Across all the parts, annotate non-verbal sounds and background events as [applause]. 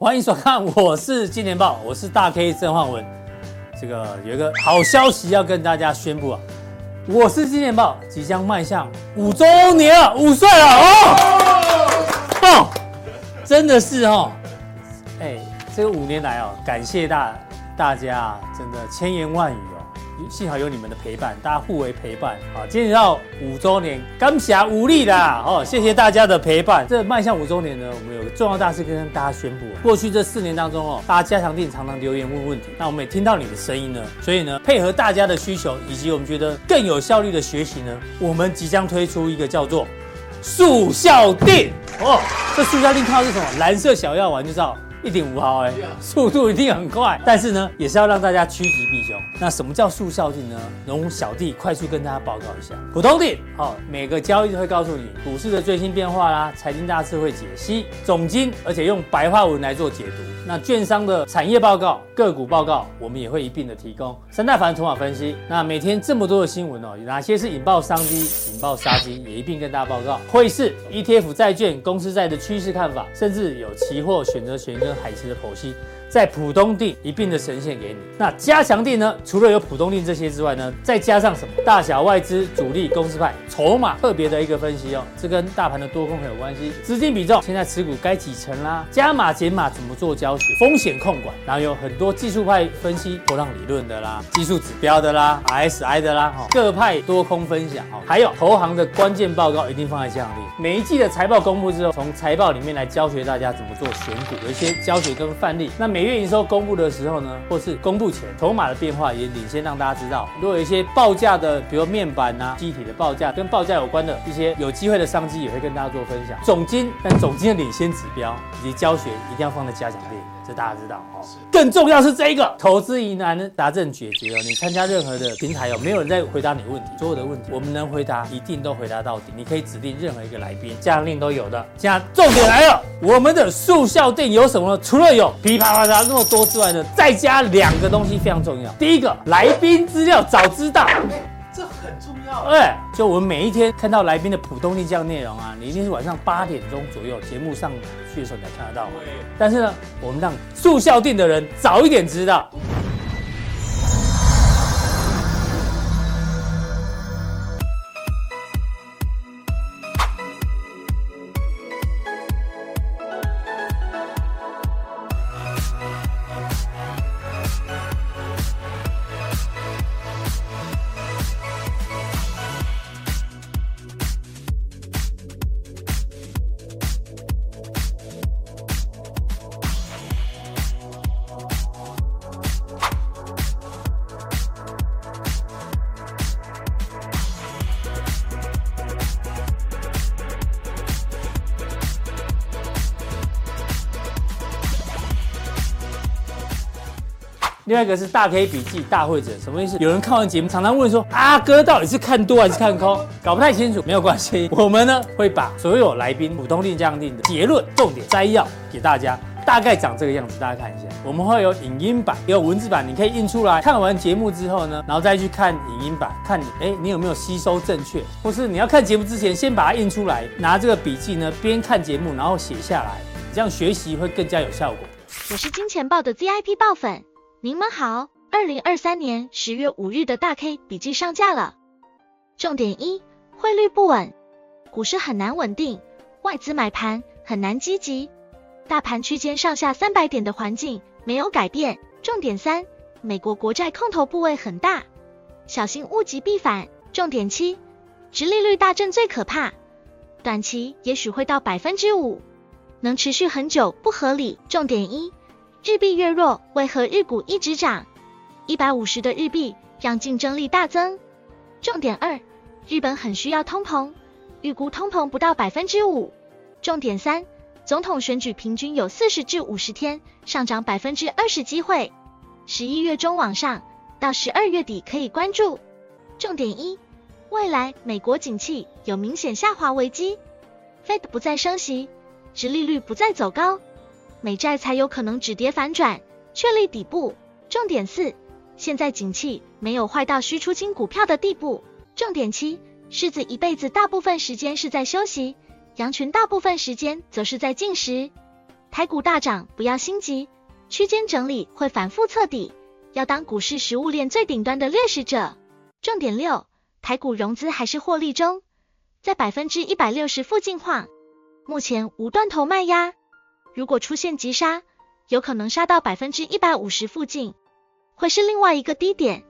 歡迎收看，我是金錢爆，我是大 K 曾煥文，這個有一個好消息要跟大家宣布啊，我是金錢爆即將邁向五周年了，五歲了哦，棒，哦哦，真的是哦，哎、欸，這個五年來哦，感謝大大家，真的千言萬語哦。幸好有你們的陪伴，大家互為陪伴，好，今天到五周年，感謝無力啦，哦，謝謝大家的陪伴。這邁向五周年呢，我們有個重要大事跟大家宣布。過去這四年當中哦，大家家常店常常留言問問題，那我們也聽到你的聲音呢。所以呢，配合大家的需求，以及我們覺得更有效率的學習呢，我們即將推出一個叫做「速效錠」。哦，這速效錠靠的是什麼？藍色小藥丸，就知道一點五毫欸，速度一定很快，但是呢，也是要讓大家趨吉避凶。那什麼叫速效性呢？容小弟快速跟大家報告一下：普通錠，好，每個交易會告訴你股市的最新變化啦，財經大事會解析總經，而且用白話文來做解讀。那券商的產業報告、個股報告，我們也會一併的提供。三大法人籌碼分析，那每天這麼多的新聞哦，有哪些是引爆商機、引爆殺機，也一併跟大家報告。匯市、ETF 債券、公司債的趨勢看法，甚至有期貨選擇權跟海期的剖析。在普通錠一併的呈現給你，那加強錠呢？除了有普通錠這些之外呢，再加上什麼大小外資、主力公司派籌碼，特別的一個分析哦。這跟大盤的多空很有關係。資金比重現在持股該幾成啦？加碼減碼怎麼做教學？風險控管，然後有很多技術派分析、波浪理論的啦、技術指標的啦、RSI 的啦，各派多空分享哦。還有投行的關鍵報告一定放在這裡。每一季的財報公布之後，從財報裡面來教學大家怎麼做選股，有一些教學跟範例。那每每月營收公布的時候呢，或是公布前，籌碼的變化也領先讓大家知道。如果有一些報價的，比如面板啊、機體的報價，跟報價有關的一些有機會的商機，也會跟大家做分享。總經，但總經的領先指標以及教學一定要放在加強錠。大家知道哦，更重要是這一個投資疑難呢，答證解決了。你參加任何的平台哦，沒有人在回答你問題，所有的問題我們能回答一定都回答到底。你可以指定任何一個來賓，樣令，都有的。現在重點來了，我們的速效錠有什麼呢？除了有噼啪啪啪的那麼多之外呢，再加兩個東西非常重要。第一個，來賓資料早知道。哎、欸，就我們每一天看到來賓的普通錠這樣內容啊，你一定是晚上八點鐘左右節目上去的時候，你才看得到。但是呢，我們讓住校店的人早一點知道。另外一個是大 K 筆記大會者，什麼意思？有人看完節目，常常問說：“阿、啊、哥到底是看多還是看空？搞不太清楚。”沒有關係，我們呢會把所有來賓普通錠、加強錠的結論、重點摘要給大家，大概長這個樣子。大家看一下，我們會有影音版，有文字版，你可以印出來。看完節目之後呢，然後再去看影音版，看你哎你有沒有吸收正確，或是你要看節目之前先把它印出來，拿這個筆記呢邊看節目，然後寫下來，這樣學習會更加有效果。我是金錢爆的 VIP 爆粉。您們好，二零二三年十月五日的大 K 筆記上架了。重點一，匯率不穩，股市很難穩定，外資買盤很難積極，大盤區間上下三百點的環境沒有改變。重點三，美國國債空頭部位很大，小心物極必反。重點七，殖利率大震最可怕，短期也許會到百分之五，能持續很久不合理。重點一。日幣越弱，為何日股一直漲？一百五十的日幣讓競爭力大增。重點二，日本很需要通膨，預估通膨不到百分之五。重點三，總統選舉平均有四十至五十天，上漲百分之二十機會。十一月中往上，到十二月底可以關注。重點一，未來美國景氣有明顯下滑危機，Fed 不再升息，殖利率不再走高。美債才有可能止跌反轉，確立底部。重點四，現在景氣沒有壞到需出清股票的地步。重點七，獅子一輩子大部分時間是在休息，羊群大部分時間則是在進食。台股大漲不要心急，區間整理會反覆測底，要當股市食物鏈最頂端的掠食者。重點六，台股融資還是獲利中，在百分之一百六十附近晃，目前無斷頭賣壓。如果出現急殺，有可能殺到百分之一百五十附近，會是另外一個低點。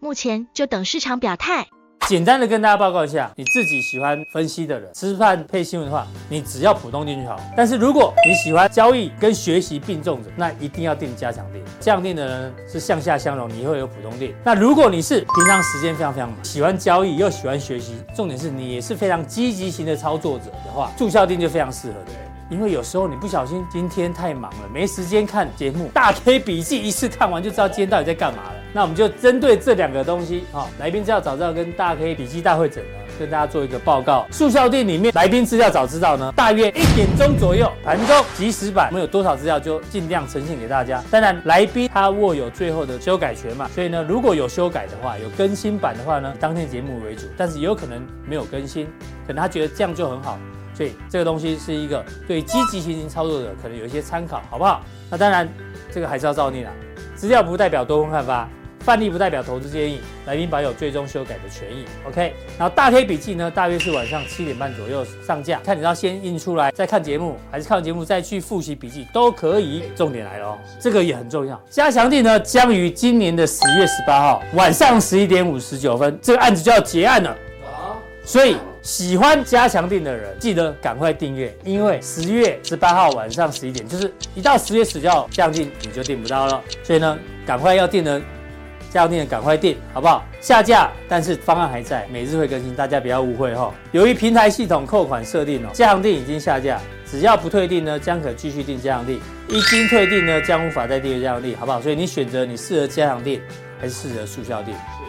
目前就等市場表態。簡單的跟大家報告一下，你自己喜歡分析的人，吃飯配新聞的話，你只要普通錠就好。但是如果你喜歡交易跟學習並重的，那一定要訂加強錠。加強錠的人是向下相容，你會有普通錠。那如果你是平常時間非常非常忙，喜歡交易又喜歡學習，重點是你也是非常積極型的操作者的話，狙擊錠就非常適合的人。因為有時候你不小心，今天太忙了，沒時間看節目。大 K 筆記一次看完就知道今天到底在幹嘛了。那我們就針對這兩個東西，哈、哦，來賓資料早知道跟大 K 筆記大會診了，跟大家做一個報告。速效錠裡面來賓資料早知道呢，大約一點鐘左右，盤中即時版，我們有多少資料就盡量呈現給大家。當然，來賓他握有最後的修改權嘛，所以呢，如果有修改的話，有更新版的話呢，當天節目為主，但是也有可能沒有更新，可能他覺得這樣就很好。所以這個東西是一個對於積極性操作者可能有一些參考，好不好？那當然，這個還是要照念啊。資料不代表多空看法，範例不代表投資建議，來賓保有最終修改的權益。OK。然後大 K 筆記呢，大約是晚上七點半左右上架，看你要先印出來再看節目，還是看完節目再去複習筆記都可以。重點來了哦，這個也很重要。加強錠呢，將於今年的十月十八號晚上十一點五十九分，這個案子就要結案了。啊、所以。喜歡加強訂的人，記得趕快訂閱，因為十月十八號晚上十一點，就是一到十月十九號降定，你就訂不到了。所以呢，趕快要訂的加強訂的趕快訂，好不好？下架，但是方案還在，每日會更新，大家不要誤會哈、哦。由於平台系統扣款設定哦，加強訂已經下架，只要不退訂呢，將可繼續訂加強訂；一經退訂呢，將無法再訂加強訂，好不好？所以你選擇你適合加強訂還是適合速效訂。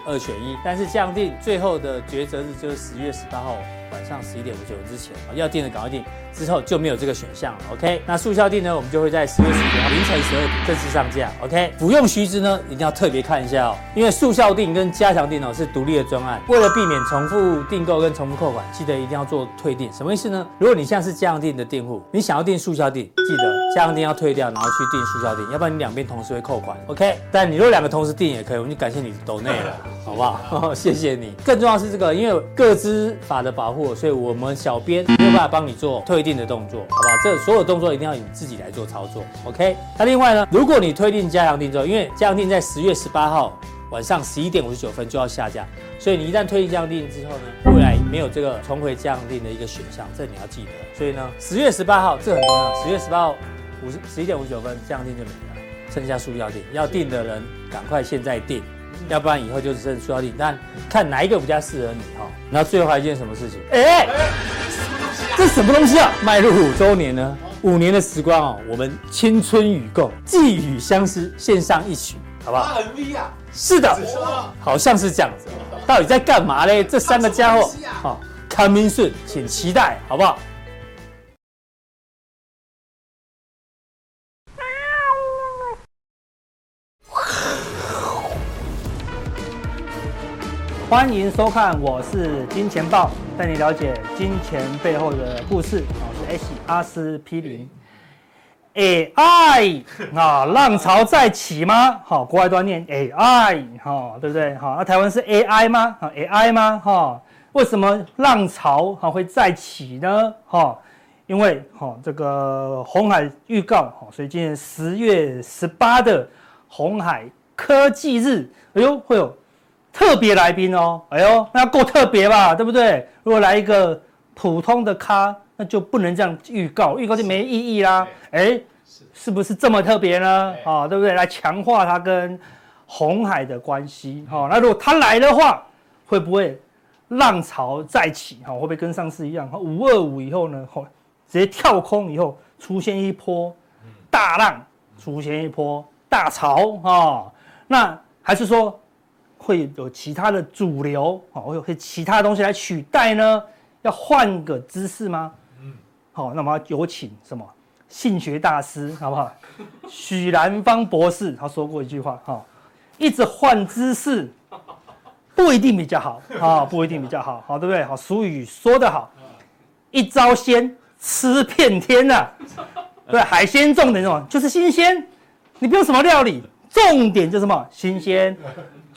二選一，但是降定，最後的抉擇日就是十月十八號。晚上十一點五九之前要訂的趕快訂，之後就沒有這個選項了。OK，那速效訂呢，我們就會在十月十號凌晨十二點正式上架。OK，服用須知呢，一定要特別看一下哦，因為速效訂跟加強訂哦是獨立的專案，為了避免重複訂購跟重複扣款，記得一定要做退訂。什麼意思呢？如果你現在是加強訂的訂戶，你想要訂速效訂，記得加強訂要退掉，然後去訂速效訂，要不然你兩邊同時會扣款。OK，但你如果兩個同時訂也可以，我們就感謝你抖內了， [laughs] 好不好？ [laughs] 謝謝你。更重要是這個，因為各支法的保護。所以，我們小編沒有辦法幫你做退訂的動作，好不好？這所有動作一定要你自己來做操作，OK？那另外呢，如果你退訂加強錠之後，因為加強錠在十月十八號晚上十一點五十九分就要下架，所以你一旦退訂加強錠之後呢，未來沒有這個重回加強錠的一個選項，這你要記得。所以呢，十月十八號這很重要，十月十八號五十十一點五十九分加強錠就沒了，剩下數要訂，要訂的人趕快現在訂。要不然以後就是出到題，但看哪一個比較適合你哈。然後最後還一件什麼事情？哎，這什麼東西啊？邁入五周年呢，五年的時光哦，我們青春與共，寄予相思，獻上一曲，好不好、啊、是的，好像是這樣子。到底在幹嘛呢？這三個家伙好 Coming Soon，請期待，好不好？歡迎收看，我是金錢爆，帶你了解金錢背後的故事。我是 H 阿斯匹靈 AI，浪潮再起嗎？好，國外都念 AI，哈，對不對？好，那台灣是 AI 嗎？AI 嗎？哈，為什麼浪潮哈會再起呢？哈，因為哈這個鴻海預告，所以今年十月十八的鴻海科技日，哎呦，會有。特別來賓哦，哎呦，那夠特別吧，對不對？如果來一個普通的咖，那就不能這樣預告，預告就沒意義啦。誒是、欸、是，是不是這麼特別呢？啊、哦，對不對？來強化它跟紅海的關係。好、哦，那如果他來的話，會不會浪潮再起？好、哦，會不會跟上次一樣？五二五以後呢？好、哦，直接跳空以後出現一波大浪，出現一波大潮、啊、哦？那還是說？會有其他的主流啊，會有其他的東西來取代呢？要換個姿勢嗎？好、嗯哦，那麼有請什麼性學大師好不好？ [laughs] 許藍方博士他說過一句話哈、哦，一直換姿勢不一定比較好、哦、不一定比較好，好對不對？好俗語說得好，一招鮮吃遍天啊對，海鮮重點是什麼？就是新鮮，你不用什麼料理，重點就是什麼？新鮮。 [laughs]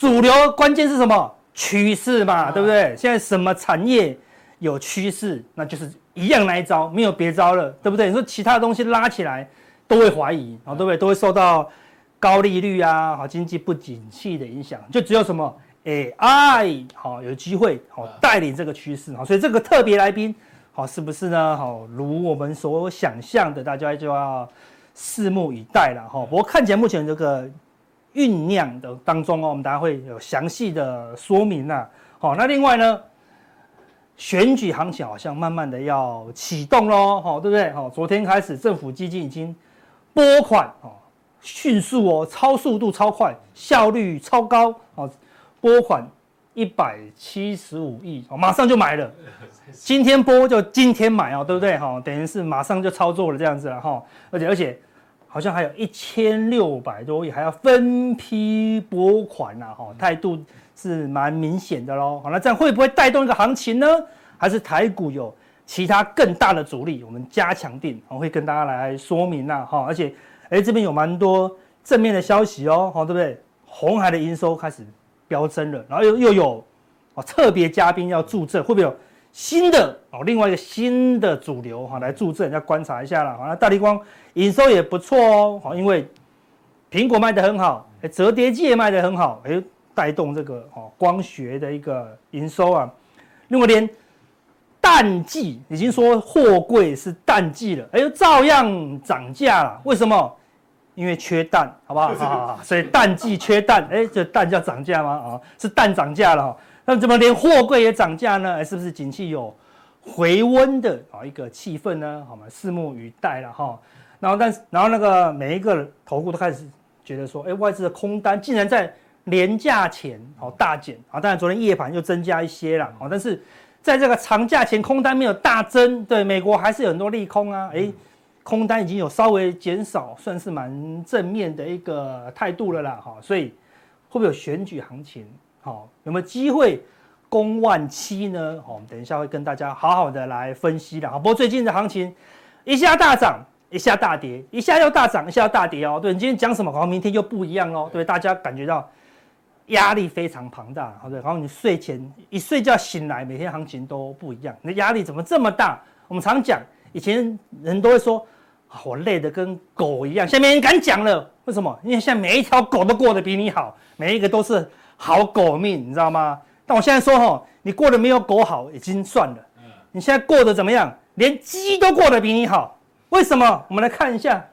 主流關鍵是什麼趨勢嘛，對不對、嗯？現在什麼產業有趨勢，那就是一樣來招，沒有別招了，對不對？你說其他的東西拉起來，都會懷疑，對不對？嗯、都會受到高利率啊、好經濟不景氣的影響，就只有什麼，哎，AI 好有機會好帶領這個趨勢，好，所以這個特別來賓，好，是不是呢？好，如我們所想象的，大家就要拭目以待了，哈。不過看起來目前這個。醞釀的當中哦，我們大家會有詳細的說明啊。好、哦，那另外呢，選舉行情好像慢慢的要啟動嘍，好、哦，對不對？好、哦，昨天開始政府基金已經撥款哦，迅速哦，超速度、超快，效率超高哦，撥款一百七十五億哦，馬上就買了，今天撥就今天買哦，對不對？哈、哦，等於是馬上就操作了這樣子了哈、哦，而且而且。好像還有一千六百多億，還要分批撥款吶、啊，哈，態度是蠻明顯的嘍。好，那這樣會不會帶動一個行情呢？還是台股有其他更大的阻力？我們加強錠，我會跟大家來說明吶，哈。而且，哎、欸，這邊有蠻多正面的消息哦，好，對不對？紅海的營收開始飆升了，然後又又有特別嘉賓要助陣，會不會有？新的哦，另外一個新的主流哈、哦，來助陣，要觀察一下了。好、啊，那大立光營收也不錯哦，好、哦，因為蘋果賣得很好，摺疊機也賣得很好，哎，帶動這個哦光學的一個營收啊。另外，連淡季已經說貨櫃是淡季了，哎，照樣漲價了。為什麼？因為缺蛋，好不好、就是？啊，所以淡季缺蛋，哎，這蛋要漲價嗎？啊，是蛋漲價了、哦。那怎麼連貨櫃也漲價呢？欸、是不是景氣有回溫的啊一個氣氛呢？好嘛，拭目以待了哈。然後但是，但然後那個每一個投顧都開始覺得說，哎、欸，外資的空單竟然在連假前大減好大減啊！當然，昨天夜盤又增加一些了啊。但是在這個長假前，空單沒有大增，對美國還是有很多利空啊。哎、欸，空單已經有稍微減少，算是蠻正面的一個態度了啦。哈，所以會不會有選舉行情？好、哦，有沒有機會攻萬七呢？好、哦、我們等一下會跟大家好好的來分析的啊。不過最近的行情，一下大漲，一下大跌，一下又大漲，一下又大跌哦。對，你今天講什麼，然後明天又不一樣哦。對，大家感覺到壓力非常龐大，好，對，然後你睡前一睡覺醒來，每天行情都不一樣，你壓力怎麼這麼大？我們常講，以前人都會說，我累得跟狗一樣，現在沒人敢講了。為什麼？因為現在每一條狗都過得比你好，每一個都是。好狗命，你知道嗎？但我現在說哈，你過得沒有狗好已經算了。你現在過得怎麼樣？連雞都過得比你好，為什麼？我們來看一下，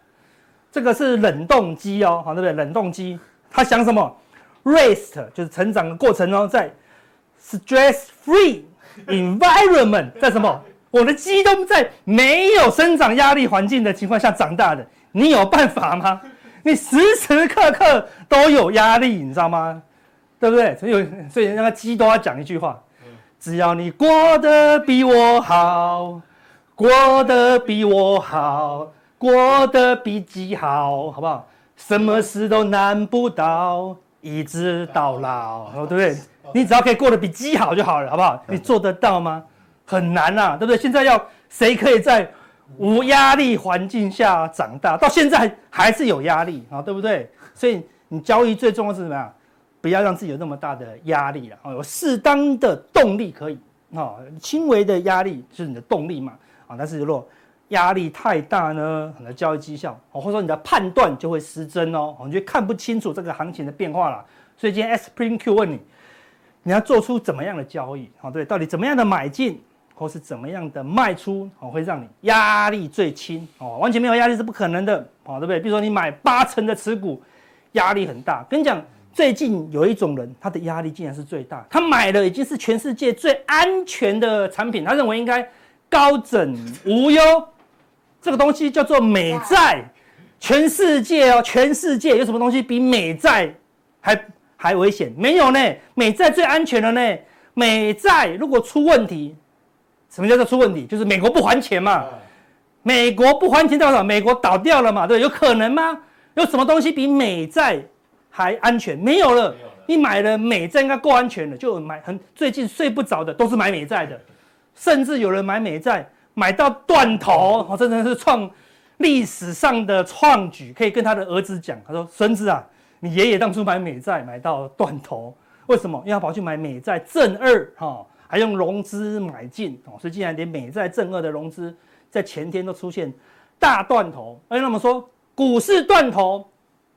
這個是冷凍雞哦，好對不對？冷凍雞，它想什麼？Raised 就是成長的過程哦，在 stress-free environment，在什麼？我的雞都在沒有生長壓力環境的情況下長大的，你有辦法嗎？你時時刻刻都有壓力，你知道嗎？對不對？所以所以人家雞都要講一句話，只要你過得比我好，過得比我好，過得比雞好，好不好？什麼事都難不倒，一直到老，對不對？你只要可以過得比雞好就好了，好不好？你做得到嗎？很難啊，對不對？現在要誰可以在無壓力環境下長大？到現在還是有壓力啊，對不對？所以你交易最重要是什麼呀？不要讓自己有那麼大的壓力了啊，有適當的動力可以啊，輕微的壓力就是你的動力嘛啊，但是如果壓力太大呢，你的交易績效哦，或者說你的判斷就會失真哦，你就看不清楚這個行情的變化了。所以今天 Spring Q 問你，你要做出怎麼樣的交易啊？對，對，到底怎麼樣的買進或是怎麼樣的賣出，我會讓你壓力最輕哦，完全沒有壓力是不可能的，哦，對不對？比如說你買八成的持股，壓力很大，跟你講。最近有一種人，他的壓力竟然是最大。他買的已經是全世界最安全的產品，他認為應該高枕無憂。這個東西叫做美債，全世界哦、喔，全世界有什麼東西比美債還還危險？沒有呢，美債最安全了呢。美債如果出問題，什麼叫做出問題？就是美國不還錢嘛。美國不還錢代表什麼？美國倒掉了嘛？對，有可能嗎？有什麼東西比美債？還安全沒有了？你買了美債應該夠安全了，就買很最近睡不着的都是買美債的，甚至有人買美債買到斷頭，哦，真的是創歷史上的創舉，可以跟他的兒子講，他說孫子啊，你爺爺當初買美債買到斷頭，為什麼？因為他跑去買美債正二哈，還用融資買進哦，所以竟然連美債正二的融資在前天都出現大斷頭，哎，那麼說股市斷頭，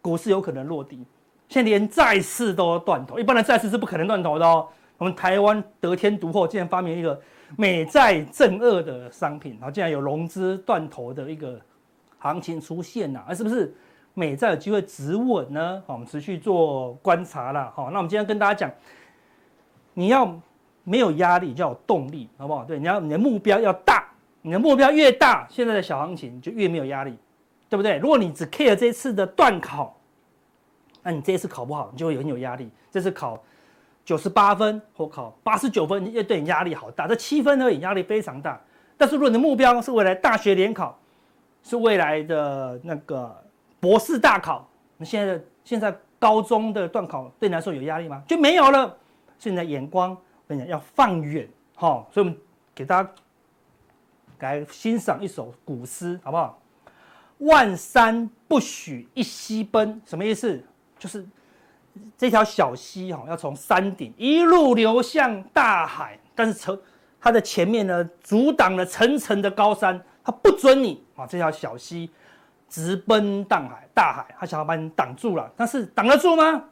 股市有可能落地。現在連債市都要斷頭，一般的債市是不可能斷頭的哦。我們台灣得天獨厚，竟然發明一個美債正二的商品，然後竟然有融資斷頭的一個行情出現吶！啊，是不是美債有機會止穩呢？我們持續做觀察啦。好，那我們今天跟大家講，你要沒有壓力，就要有動力，好不好？對，你要你的目標要大，你的目標越大，現在的小行情就越沒有壓力，對不對？如果你只 care 這一次的段考。那你這一次考不好，你就會很有壓力。這次考九十八分或考八十九分，也對你壓力好大。這七分呢，你壓力非常大。但是如果你的目標是未來大學聯考，是未來的那個博士大考，那現在的現在高中的段考對你來說有壓力嗎？就沒有了。所以你的眼光，我跟你講，要放遠哈、哦。所以我們給大家來欣賞一首古詩，好不好？萬山不許一溪奔，什麼意思？就是這條小溪哈、哦，要從山頂一路流向大海，但是層它的前面呢，阻擋了層層的高山，它不准你啊、哦，這條小溪直奔大海，大海它想要把你擋住了，但是擋得住嗎？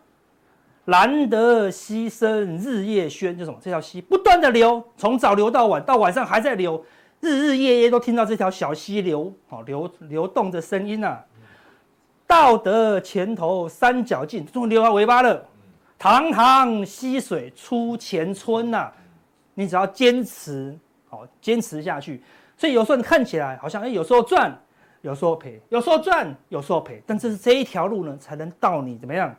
攔得溪聲日夜喧，就什麼？這條溪不斷的流，從早流到晚，到晚上還在流，日日夜夜都聽到這條小溪流哦，流流動的聲音啊。到得前頭山腳盡，終於留下尾巴了。堂堂溪水出前村吶、啊，你只要堅持，好堅持下去。所以有時候你看起來好像，哎，有時候賺，有時候賠，有時候賺，有時候賠。但這是這一條路呢，才能到你怎麼樣，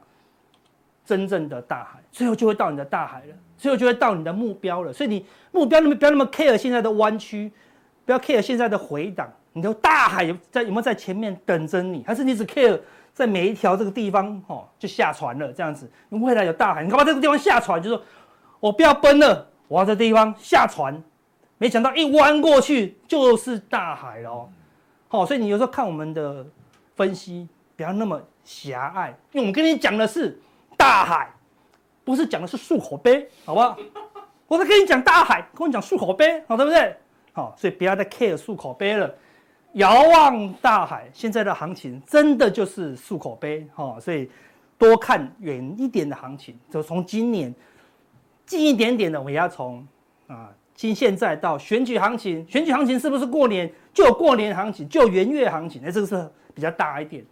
真正的大海。最後就會到你的大海了，最後就會到你的目標了。所以你目標那麼不要那麼 care 現在的彎曲，不要 care 現在的回檔。你有大海在有沒有在前面等着你，還是你只 care 在每一條這個地方哦，就下船了這樣子？未來有大海，你看把這個地方下船，就是說我不要奔了，我要在這地方下船。沒想到一彎過去就是大海了，好，所以你有時候看我們的分析不要那麼狹隘，因為我們跟你講的是大海，不是講的是漱口杯，好不好？我在跟你講大海，跟我講漱口杯，好對不對？好，所以不要再 care 漱口杯了。遙望大海，現在的行情真的就是漱口杯、哦、所以多看遠一點的行情，就從今年近一點點的，我也要從啊，近現在到選舉行情，選舉行情是不是過年就過年行情，就元月行情？哎，這個是比較大一點，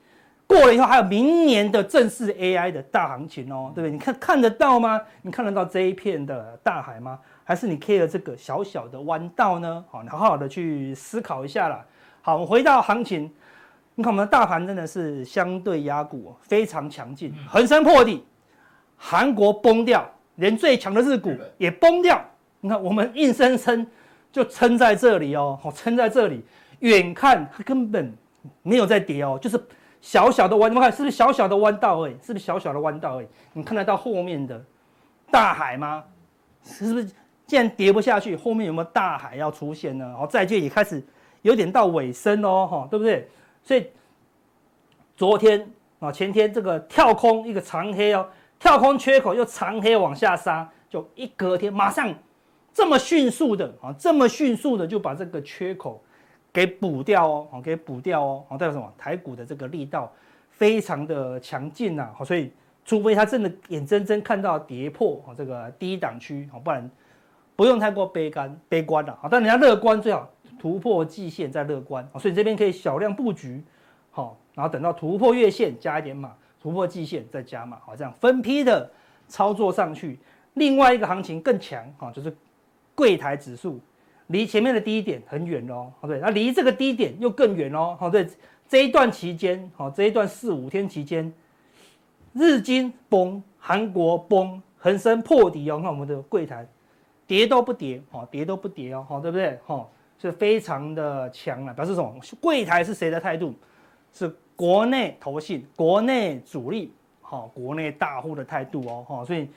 過了以後還有明年的正式 AI 的大行情哦，對不對？你看看得到嗎？你看得到這一片的大海嗎？還是你可以 r 這個小小的彎道呢？好、哦，你好好的去思考一下啦。好，我回到行情，你看我們的大盤真的是相對亞股、哦、非常強勁，橫身破底。韓國崩掉，連最強的日股也崩掉。你看我們硬生生就撐在這裡哦，撐、哦、在這裡，遠看它根本沒有在跌哦，就是小小的彎，你們看是不是小小的彎道？哎，是不是小小的彎道？哎，你看得到後面的大海嗎？是不是竟然跌不下去？後面有沒有大海要出現呢？然後債券也開始。有點到尾聲哦，哈，對不對？所以昨天啊，前天這個跳空一個長黑哦，跳空缺口又長黑往下殺，就一隔天馬上這麼迅速的啊，這麼迅速的就把這個缺口給補掉哦，給補掉哦，代表什麼？台股的這個力道非常的強勁吶，好，所以除非他真的眼睜睜看到跌破啊這個低檔區，好，不然不用太過悲觀悲觀了，好，但人家樂觀最好。突破季線再樂觀啊，所以這邊可以小量布局，好，然後等到突破月線加一點碼，突破季線再加碼，好，這樣分批的操作上去。另外一個行情更強啊，就是櫃台指數離前面的低點很遠嘍哦，對，那離這個低點又更遠嘍，好，對這一段期間，好，這一段四五天期間，日經崩，韓國崩，恆生破底哦，那我們的櫃台跌都不跌好，跌都不跌哦，好，對不對？好。是非常的強啊。表示什麼？櫃檯是誰的態度？是國內投信、國內主力、好、哦、國內大戶的態度哦，哦，所以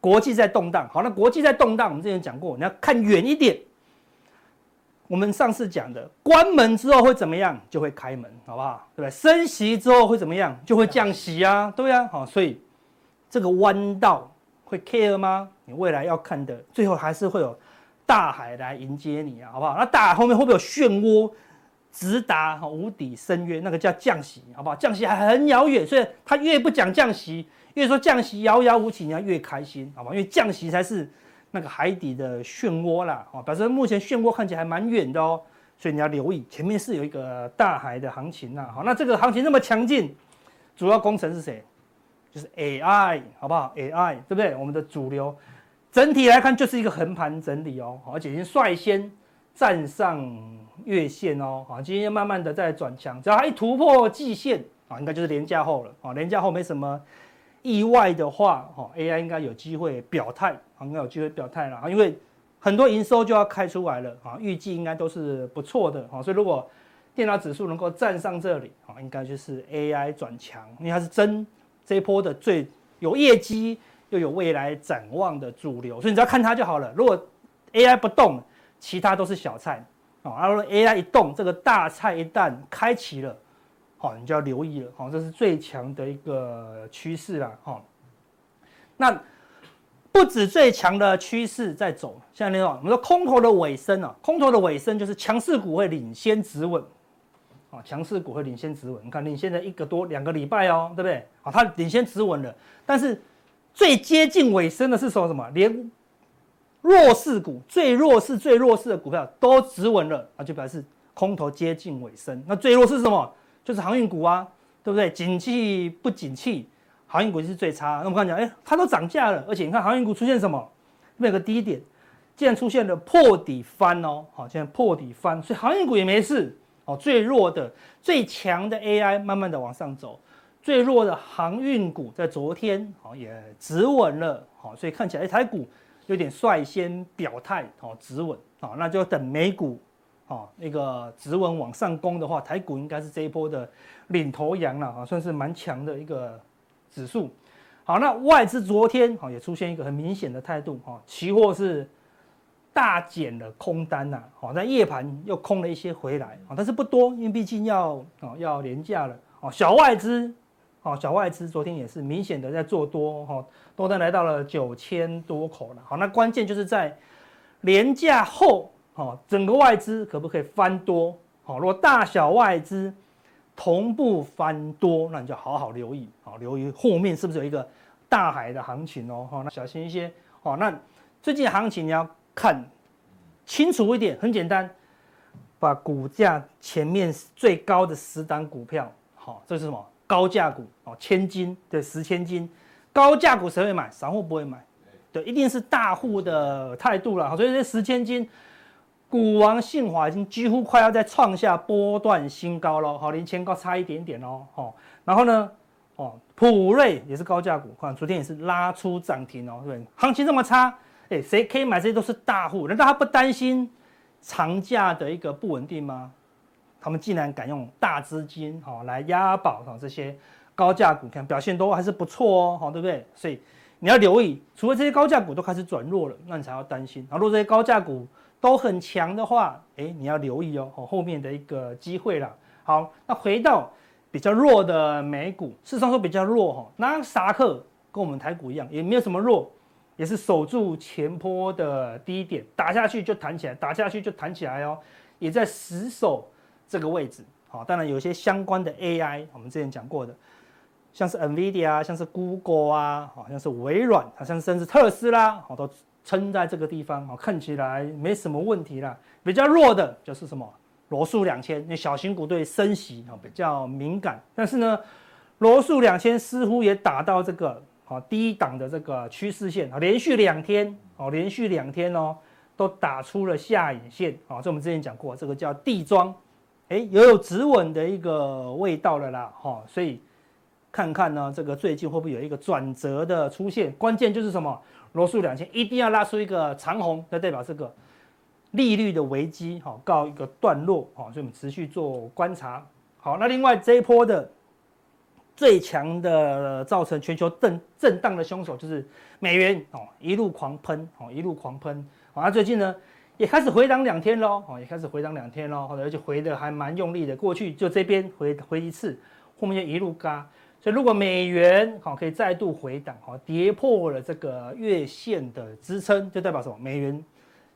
國際在動盪，好，那國際在動盪，我們之前講過，你要看遠一點。我們上次講的，關門之後會怎麼樣？就會開門，好不好？對不對？升息之後會怎麼樣？就會降息啊，對啊。好、哦，所以這個彎道會 care 嗎？你未來要看的，最後還是會有。大海來迎接你啊，好不好？那大海後面會不會有漩渦，直達無底深淵？那個叫降息，好不好？降息還很遙遠，所以它越不講降息，越說降息遙遙無期，你要越開心，好不好？因為降息才是那個海底的漩渦啦，哦，表示目前漩渦看起來還蠻遠的哦、喔，所以你要留意，前面是有一個大海的行情吶、啊，好，那這個行情那麼強勁，主要功臣是誰？就是 AI，好不好？AI 對不對？我們的主流。整體來看，就是一個橫盤整理哦，而且已經率先站上月線哦，啊，今天慢慢的在轉強，只要它一突破季線啊，應該就是連假後了啊，連假後沒什麼意外的話，哈，AI 應該有機會表態，啊，應該有機會表態了啊，因為很多營收就要開出來了啊，預計應該都是不錯的啊，所以如果電腦指數能夠站上這裡啊，應該就是 AI 轉強，因為它是真這波的最有業績。就有未來展望的主流，所以你只要看它就好了。如果 AI 不動，其他都是小菜哦。如果 AI 一動，這個大菜一旦開啟了，好，你就要留意了。好，這是最強的一個趨勢啦。好，那不止最強的趨勢在走，像另外我們說空頭的尾聲啊，空頭的尾聲就是強勢股會領先止穩啊，強勢股會領先止穩。你看領先了一個多兩個禮拜哦、喔，對不對？啊，它領先止穩了，但是。最接近尾聲的是說什麼？連弱勢股最弱勢、最弱勢的股票都止穩了、啊、就表示空頭接近尾聲。那最弱勢是什麼？就是航運股啊，對不對？景氣不景氣，航運股就是最差。那我剛講，哎、欸，它都漲價了，而且你看航運股出現什麼？那個低點竟然出現了破底翻哦，好、哦，現在破底翻，所以航運股也沒事。好、哦，最弱的、最強的 AI 慢慢的往上走。最弱的航運股在昨天也止穩了，好，所以看起來台股有點率先表態，好止穩，那就等美股，一個止穩往上攻的話，台股應該是這一波的領頭羊了，算是蠻強的一個指數。好，那外資昨天也出現一個很明顯的態度，哈，期貨是大減了空單吶，好，在夜盤又空了一些回來，啊，但是不多，因為畢竟要要連假了，小外資。好，小外資昨天也是明顯的在做多，哈，多單來到了九千多口了。好，那關鍵就是在廉價後，哈，整個外資可不可以翻多？好，如果大小外資同步翻多，那你就好好留意，好，留意後面是不是有一個大海的行情哦，好，那小心一些，好，那最近行情你要看清楚一點，很簡單，把股價前面最高的十檔股票，好，這是什麼？高價股哦，千金對十千金，高價股誰會買？散戶不會買，對，一定是大戶的態度了。所以這十千金股王信驊已經幾乎快要再創下波段新高了，好，離前高差一點點哦。好，然後呢，哦，普瑞也是高價股，哈，昨天也是拉出漲停哦，對，行情這麼差，哎、欸，誰可以買？這些都是大戶，難道他不擔心長假的一個不穩定嗎？他們竟然敢用大資金哈，來押寶哈這些高價股，看表現都還是不錯哦、喔，好對不對？所以你要留意，除了這些高價股都開始轉弱了，那你才要擔心。然後如果這些高價股都很強的話、欸，你要留意哦、喔，後面的一個機會啦。好，那回到比較弱的美股，事實上說比較弱哈、喔，那沙克跟我們台股一樣，也沒有什麼弱，也是守住前波的低點，打下去就彈起來，打下去就彈起來哦、喔，也在死守。這個位置好，當然有些相關的 AI，我們之前講過的，像是 NVIDIA 像是 Google 啊，好像是微軟，好像甚至特斯拉，好都撐在這個地方，好看起來沒什麼問題了。比較弱的就是什麼羅素兩千，那小型股對升息啊比較敏感，但是呢，羅素兩千似乎也打到這個好低檔的這個趨勢線啊，連續兩天哦，連續兩天哦都打出了下影線啊，就我們之前講過，這個叫地莊。哎，也有止穩的一個味道了啦，哈、哦，所以看看呢，這個最近會不會有一個轉折的出現？關鍵就是什麼？羅素兩千一定要拉出一個長紅，那代表這個利率的危機，哦、告一個段落、哦，所以我們持續做觀察，好。那另外這一波的最強的造成全球震震盪的凶手就是美元，哦，一路狂噴，哦，一路狂噴，好、哦，那、啊、最近呢？也開始回檔兩天嘍，哦，也開始回檔兩天嘍，或者，而且回得還蠻用力的。過去就這邊回回一次，後面就一路軋。所以如果美元好可以再度回檔，跌破了這個月線的支撐，就代表什麼？美元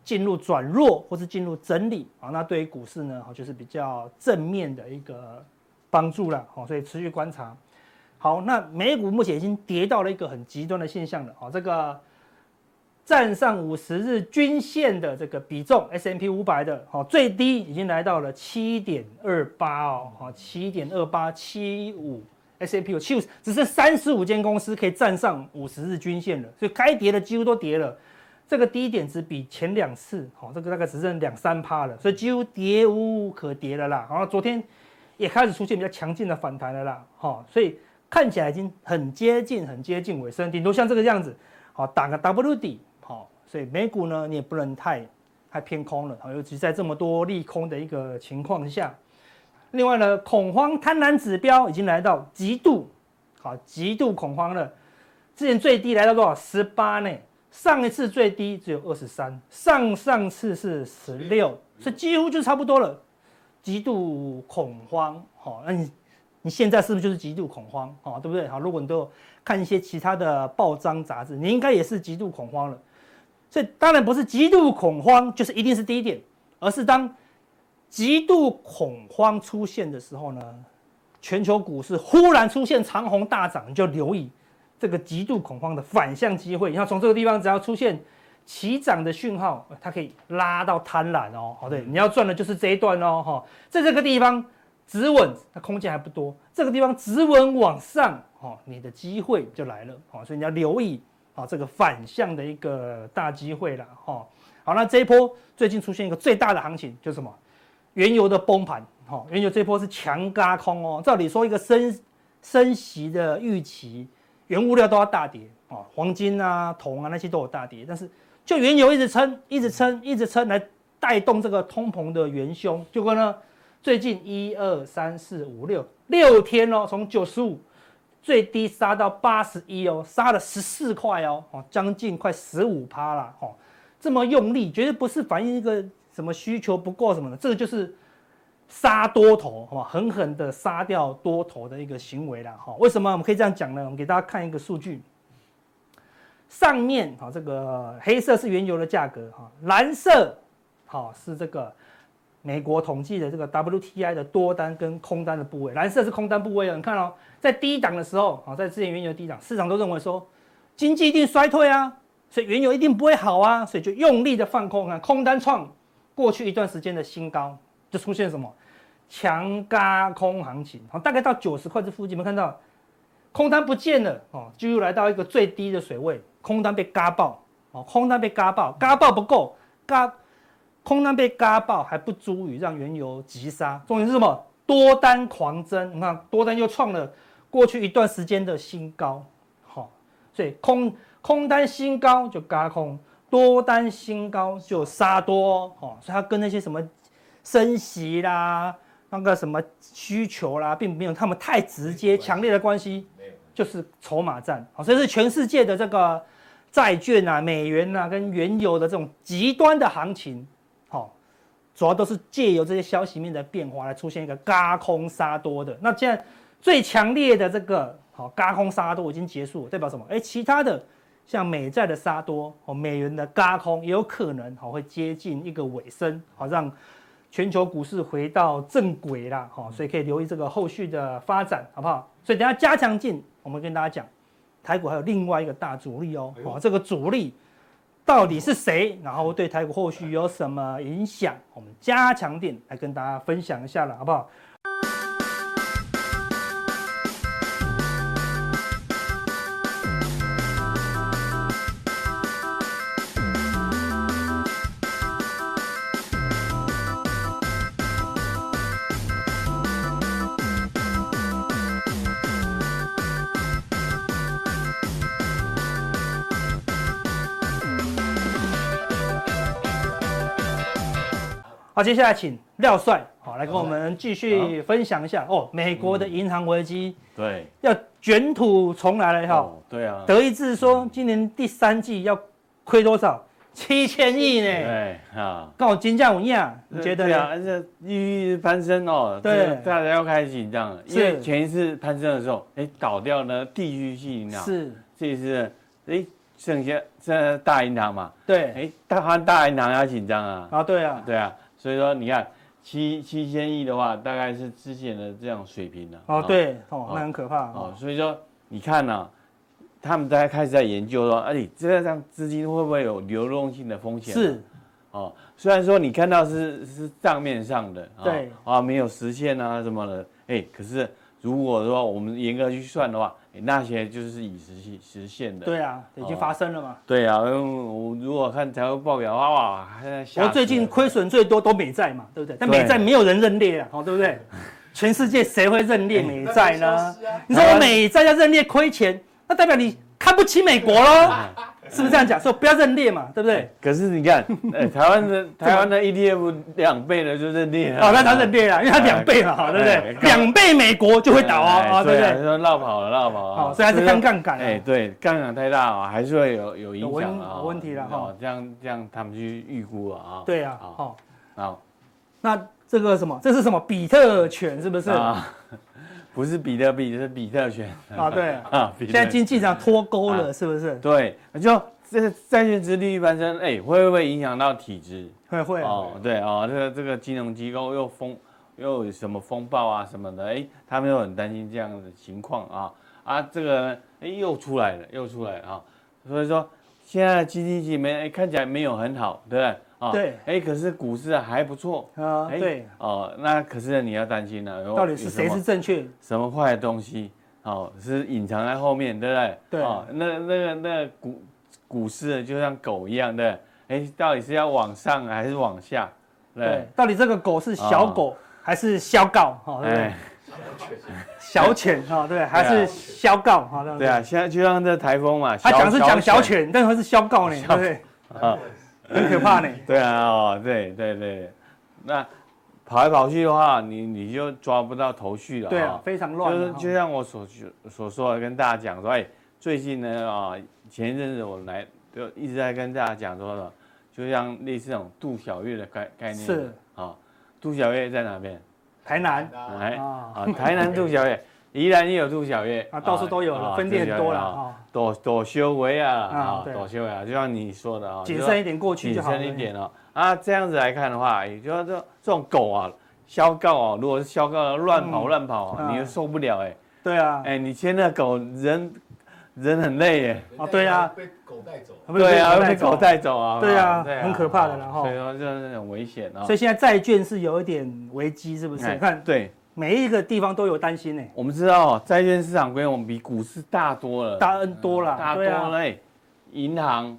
進入轉弱或是進入整理啊，那對於股市呢，哈，就是比較正面的一個幫助啦，哦，所以持續觀察。好，那美股目前已經跌到了一個很極端的現象了，哦，這個。站上五十日均線的這個比重，S&P 五百的，好，最低已經來到了七點二八哦，好七點二八七五，S&P 有七五，只剩三十五間公司可以站上五十日均線了，所以該跌的幾乎都跌了。這個低點只比前兩次，好，這個大概只剩兩三趴了，所以幾乎跌無可跌的啦。然後昨天也開始出現比較強勁的反彈了啦，好，所以看起來已經很接近，很接近尾聲，頂多像這個樣子，好打個 W 底。所以美股呢，你也不能太太偏空了。尤其在這麼多利空的一個情況下。另外呢，恐慌貪婪指標已經來到極度，好，極度恐慌了。之前最低來到多少？十八呢？上一次最低只有二十三，上上次是十六，所以幾乎就差不多了。極度恐慌，好，那你你現在是不是就是極度恐慌好，對不對？好，如果你都看一些其他的報章雜誌，你應該也是極度恐慌了。所以當然不是極度恐慌，就是一定是低點，而是當極度恐慌出現的時候呢，全球股市忽然出現長紅大漲，你就留意這個極度恐慌的反向機會。你要從這個地方，只要出現起漲的訊號，它可以拉到貪婪哦，好、哦、對，你要賺的就是這一段哦哈、哦，在這個地方止穩，它空間還不多，這個地方止穩往上哦，你的機會就來了，好、哦，所以你要留意。啊、哦，這個反向的一個大機會了，哈、哦，好，那這一波最近出現一個最大的行情就是什麼？原油的崩盤，哈、哦，原油這波是強軋空哦，照理說一個升升息的預期，原物料都要大跌啊、哦，黃金啊、銅啊那些都有大跌，但是就原油一直撐，一直撐，一直撐來帶動這個通膨的元凶，結果呢，最近一二三四五六六天嘍、哦，從九十五。最低殺到八十一哦，殺了十四塊哦，哦，將近快十五趴了哦，這麼用力絕對不是反映一個什麼需求不夠什麼的，這個就是殺多頭，好吧，狠狠的殺掉多頭的一個行為了哈。為什麼我們可以這樣講呢？我們給大家看一個數據，上面好，這個黑色是原油的價格，哈，藍色好是這個。美國統計的這個 WTI 的多單跟空單的部位，藍色是空單部位啊。你看哦，在低檔的時候啊，在之前原油低檔，市場都認為說經濟一定衰退啊，所以原油一定不會好啊，所以就用力的放空啊，空單創過去一段時間的新高，就出現什麼強軋空行情，好，大概到九十塊這附近，有沒有看到空單不見了哦？就又來到一個最低的水位，空單被軋爆哦，空單被軋爆，軋爆不夠軋空單被嘎爆還不足以讓原油急殺，重點是什麼？多單狂增。你看多單又創了過去一段時間的新高，好、哦，所以空空單新高就嘎空，多單新高就殺多、哦，所以它跟那些什麼升息啦、那個什麼需求啦，並沒有他們太直接、強烈的關係，就是籌碼戰，好、哦，所以是全世界的這個債券啊、美元啊跟原油的這種極端的行情。主要都是借由這些消息面的變化來出現一個軋空殺多的。那現在最強烈的這個好，軋空殺多已經結束了，代表什麼？哎、欸，其他的像美債的殺多、美元的軋空，也有可能好會接近一個尾聲，好讓全球股市回到正軌啦。好，所以可以留意這個後續的發展，好不好？所以等下加強錠，我們跟大家講，台股還有另外一個大阻力哦，好，這個阻力。到底是誰？然後對台股後續有什麼影響？我們加強錠來跟大家分享一下了，好不好？好，接下來請廖帥好來跟我們繼續分享一下、嗯、哦，美國的銀行危機、嗯、對要捲土重來了以後哈，對啊。德意志說今年第三季要虧多少？嗯、七千億、哦、呢？對啊，跟我金價一樣，你覺得呢？這一一攀升哦，對，大家要開始緊張了是，因為前一次攀升的時候，哎、欸，倒掉呢地區性銀行，是，這一次，哎、欸，剩下這大銀行嘛，對，哎、欸，大好大銀行要緊張啊，啊，對啊，對啊。所以說，你看七七千億的話，大概是之前的這樣水平了、啊。Oh, 哦，對哦，那很可怕、啊。哦，所以說，你看呢、啊，他們大概開始在研究說，哎、啊，這樣資金會不會有流動性的風險、啊？是，哦，雖然說你看到是是賬面上的、哦，對，啊，沒有實現啊什麼的，哎、欸，可是。如果說我們嚴格去算的話，那些就是已實現實現的。對啊，已經發生了嘛。對啊，因為我如果看財務報表的話，哇，我最近虧損最多都美債嘛，對不對？對，但美債沒有人認列啊，好，對不對？ [laughs] 全世界誰會認列美債呢？是啊，你說我美債要認列虧錢，那代表你看不起美國嘍？嗯 [laughs] 是不是這樣講？說不要認列嘛，對不對？欸、可是你看，欸、台灣的台灣的 ETF 兩 [laughs] 倍的就認列了。哦，那他認列了，因為他兩倍嘛，對不對？兩倍美國就會倒啊，啊，對不對？哎哎哎哎哦對啊，對說落跑了，落跑了。好，所以還是槓槓桿。哎，欸，對，槓桿太大啊，還是會有有影響啊，有問題了哈，哦哦。這樣這樣，他們去預估了啊，哦。對啊，好，哦。好，那這個什麼？這是什麼？比特犬是不是？啊不是比特幣是比特權啊，對啊，現在經濟上脫鈎了、啊，是不是？對，就這個債券殖利率攀升，哎，會不會影響到體制？會會哦，對啊、哦，這個這個金融機構又風又有什麼風暴啊什麼的，哎，他們又很擔心這樣的情況啊啊，這個哎又出來了又出來啊、哦，所以說現在的經濟機沒哎看起來沒有很好，對不對？對，哎、哦，可是股市還不錯啊，對，哦、呃，那可是你要擔心了、啊，到底是誰是正確？什麼壞的東西？哦，是隱藏在後面，對不對？對，哦，那那個那股股市就像狗一樣的，哎，到底是要往上還是往下對對？對，到底這個狗是小狗還是小狗？哈、哦哦，對小犬、哎，小犬，哈、哦，對，對， [laughs] 對、啊，還是小狗？哈，對啊，現在就像這台風嘛，他講是講小犬，小小犬但是他是小狗呢，對對？啊。很可怕呢、欸嗯，對啊，哦，對對對，那跑來跑去的話，你你就抓不到頭緒了、哦，對啊，非常亂、啊，就是就像我所所說的，跟大家講說，哎、欸，最近呢啊，前一陣子我來就一直在跟大家講說的，就像類似這種度小月的概概念是啊、哦，度小月在哪邊？台南，哎，啊、哦哦，台南度小月。 [laughs] 宜蘭也有住小月啊，到處都有了，啊、分店多了，多多修為啊，啊，多修為，就像你說的啊，謹慎、啊、一點過去就好，謹慎一點了、哦、啊。這樣子來看的話，也就說這種狗啊，消告哦，如果是消告亂跑亂跑，嗯啊、你又受不了哎、欸。對啊，哎、欸，你牽那狗，人人很累哎。啊，人人啊，對啊，被狗帶走。對啊，被狗帶走啊。對啊，很可怕的，然後所以說這是很危險啊。所以現在債券是有一點危機，是不是？你看對。每一個地方都有擔心呢、欸。我們知道債、哦、券市場規模比股市大多了，大 N 多了、嗯，大多了。對、啊，銀行，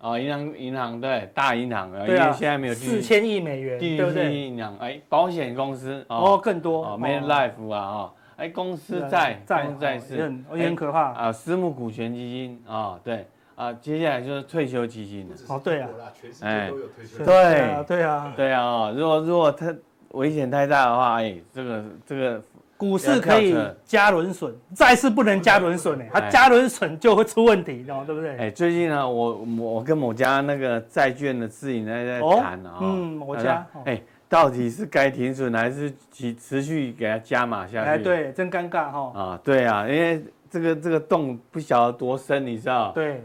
啊、呃，銀行，銀行，對，大銀行、啊，因為現在沒有四千億美元，進行進行進行銀行對不銀行，哎，保險公司哦，哦，更多，Man、哦、Life 啊、哦，哎，公司債債債是，是、哦是哦，也很可怕、哎、啊，私募股權基金啊、哦，對啊，接下來就是退休基金了。哦，對啊，全世界都有退休對、啊對啊，對啊，對啊，對啊，如果如果他。危險太大的話，哎、欸，這個這個股市可以加輪損，債市不能加輪損哎，它加輪損就會出問題，你知、欸、道對不對？哎、欸，最近呢、啊，我我跟某家那個債券的自營在在談啊、哦哦，嗯，某家，哎、欸，到底是該停損還是持持續給它加碼下去？哎，對，真尷尬哈、哦。啊、哦，對啊，因為這個這個洞不曉得多深，你知道？對，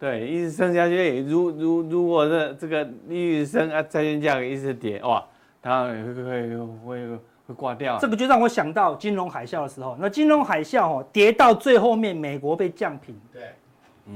對，一直升下去，如如如果說這個利率升，啊，債券價格一直跌，哇。它會會會會掛掉，這個就讓我想到金融海嘯的時候，那金融海嘯哦，跌到最後面，美國被降評。對，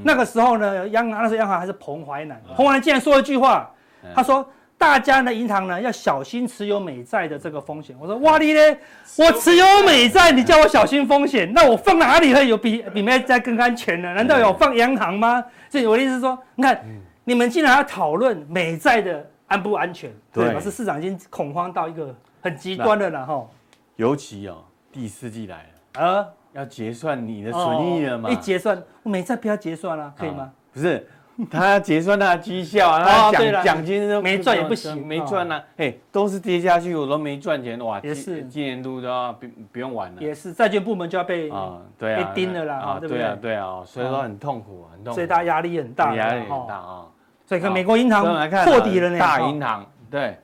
那個時候呢，央行那時候央行還是彭淮南，彭、嗯、淮南竟然說一句話、嗯，他說：“大家呢，銀行呢，要小心持有美債的這個風險。”我說：“哇哩嘞，我持有美債、嗯，你叫我小心風險，那我放哪裡會有比比美債更安全呢？難道有放央行嗎？”嗯、所以我的意思是說，你看、嗯，你們竟然要討論美債的。安不安全？對，可是市場已經恐慌到一個很極端了，然後，尤其哦，第四季來了啊、呃，要結算你的損益了嘛、哦。一結算，我沒賺，不要結算了、啊哦，可以嗎？不是，他要結算他的績效，哦、他獎獎、哦、金沒賺也不行，沒賺啊。哎、哦，都是跌下去，我都沒賺錢，哇，也是，今年度都要不不用玩了，也是，債券部門就要被啊、哦，對啊，被盯了啦、哦對啊，對啊，對啊，所以說很痛苦，很痛苦，所以大家壓力很大，壓力很大啊。哦所以，美國銀行破底那個、哦啊、大銀行、哦、對、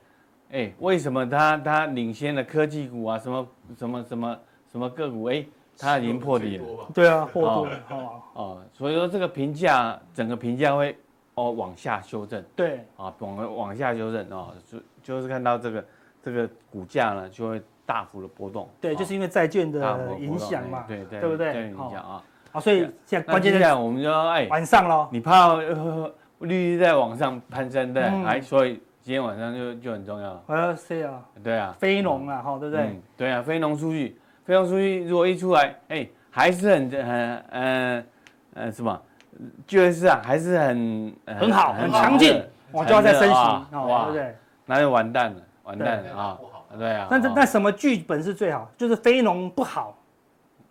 欸，為什麼它它領先的科技股啊，什麼什麼什麼什麼個股，哎、欸，它已經破底了。對啊，破底了哦， [laughs] 哦，所以說這個評價，整個評價會哦往下修正。對，啊、哦，往往下修正啊、哦，就就是看到這個這個股價呢，就會大幅的波動。對，哦、就是因為債券的影響嘛。對對對，對對對對對對影響啊、哦哦。啊，所以現在關鍵、就是這樣我們就說哎、欸，晚上了，你怕。呃利率在往上攀升的，哎、嗯，所以今天晚上就就很重要了。我要說啊，對啊，非農啊，好、嗯、對不對？嗯、對啊，非農數據，非農數據如果一出來，哎，還是很很呃什麼、呃，就是啊，還是很很好、嗯，很強勁，我就要再升息，哦，對不對？那就完蛋了，完蛋了啊、哦，對啊。那、哦、那什麼劇本是最好？就是非農不好，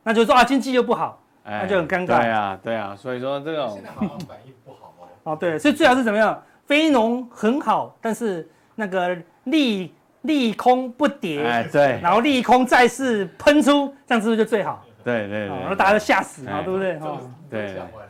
那、哦、就是、說啊，經濟又不好、哎，那就很尷尬。對啊，對啊，所以說這種。哦、oh,，對，所以最好是怎麼樣？非農很好，但是那個利利空不跌，哎，對，然後利空再次噴出，這樣是不是就最好？對對對，對，對，對，然後大家都嚇死嘛，對，oh, 對不對？嚇、oh. 對，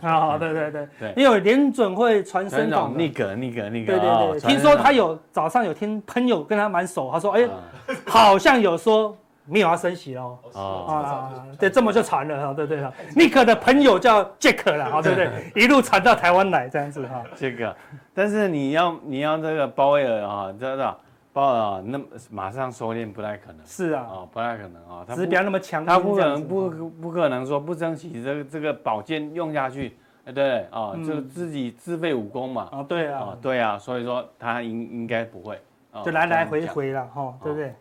啊，對對對對，對因為聯準會傳聲筒那個那個那個，對對對，哦、聽說他有早上有聽朋友跟他蠻熟，他說，哎，嗯、 [laughs] 好像有說。沒有要升息嘍啊啊！對，這麼就傳了哈， [laughs] 對不對？尼克的朋友叫傑克了哈，對不對？一路傳到台灣來這樣子哈。傑克，但是你要你要這個鮑威爾啊，知道鮑威爾那馬上收斂不太可能。是啊，哦、啊、不太可能啊，他不是那麼強，他不可能不、哦、不可能說不爭取這個這個寶劍用下去，哎、嗯欸、對啊，就自己自廢武功嘛啊對啊,啊對啊，所以說他應應該不會、啊、就來來回回了哈、啊，對不對？啊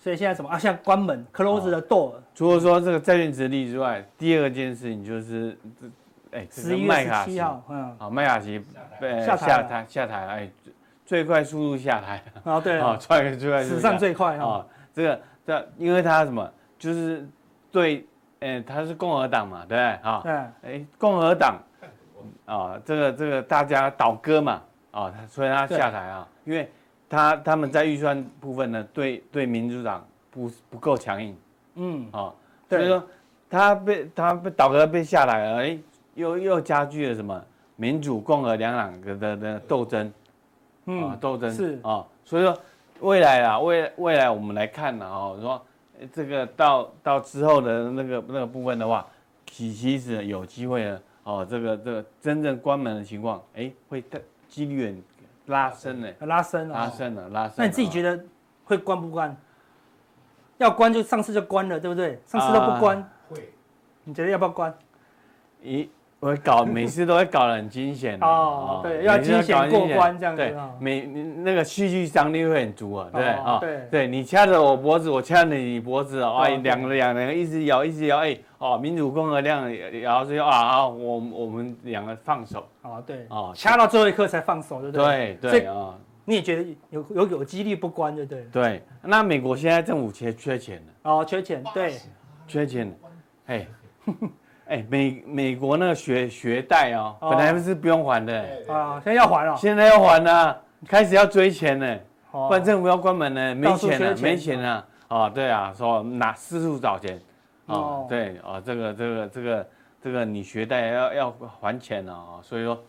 所以現在什麼啊？現在關門 close the door、哦。除了說這個債券殖利率之外，第二件事情就是、欸、這個麥卡錫，哎，十一月十七號，嗯，好，麥卡錫被下台下台哎、欸，最快速度下台。啊、哦，對，啊、哦，出來個最快最快史上最快啊、哦哦，這個這，因為他什麼，就是對，哎、欸，他是共和黨嘛，對不、哦、對？哈、欸，共和黨，啊、哦，這個這個大家倒戈嘛，啊、哦，所以他下台啊、哦，因為。他他們在預算部分呢，對對民主黨不不夠強硬，嗯，哦，所以說他被他被倒戈被下來了，哎，又又加劇了什麼民主共和兩黨的的鬥爭，嗯，哦、鬥爭是啊、哦，所以說未來啊，未未來我們來看呢，哦，說這個到到之後的那個那個部分的話，其實有機會的，哦，這個這個真正關門的情況，哎，會的幾率。拉伸呢、欸？拉伸啊！拉伸啊、哦！拉伸，了拉伸了。那你自己覺得會關不關、哦？要關就上次就關了，對不對？上次都不關。會、啊。你覺得要不要關？咦，我搞 [laughs] 每次都會搞得很驚險。哦，對，要、哦、驚險過關這樣子。對，每那個戲劇張力會很足啊，對啊、哦哦，對，你掐着我脖子，我掐着你脖子哎、哦啊，兩兩兩個一直咬，一直咬，哎。哦，民主共和黨，然後就啊，我我們兩個放手、啊、對哦，掐到最後一刻才放手，對對，對對啊、哦，你也覺得有有有幾率不關，對，不對。對，那美國現在政府缺缺錢哦，缺錢，對，缺錢，哎，哎，美美國那個學學貸哦，哦，本來是不用還的，啊，現在要還了，現在要還呢，開始要追錢呢、哦，不然政府要關門呢，沒錢了，錢沒錢了，沒錢了、啊，哦，對啊，說拿四處找錢。哦、oh，對哦，這個這個這個這個你學貸要要還錢了哦，所以說、